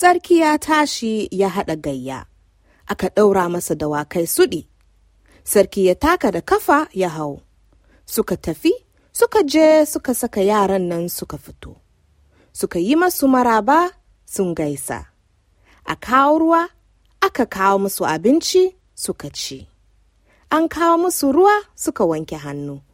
sarki ya tashi ya haɗa gayya, aka ɗaura masa dawakai suɗi. Sarki ya taka da kafa ya hau, suka tafi, suka je suka saka yaran nan suka fito. Suka yi masu maraba sun gaisa. A kawo ruwa, aka kawo musu abinci suka ci. An kawo musu ruwa suka wanke hannu.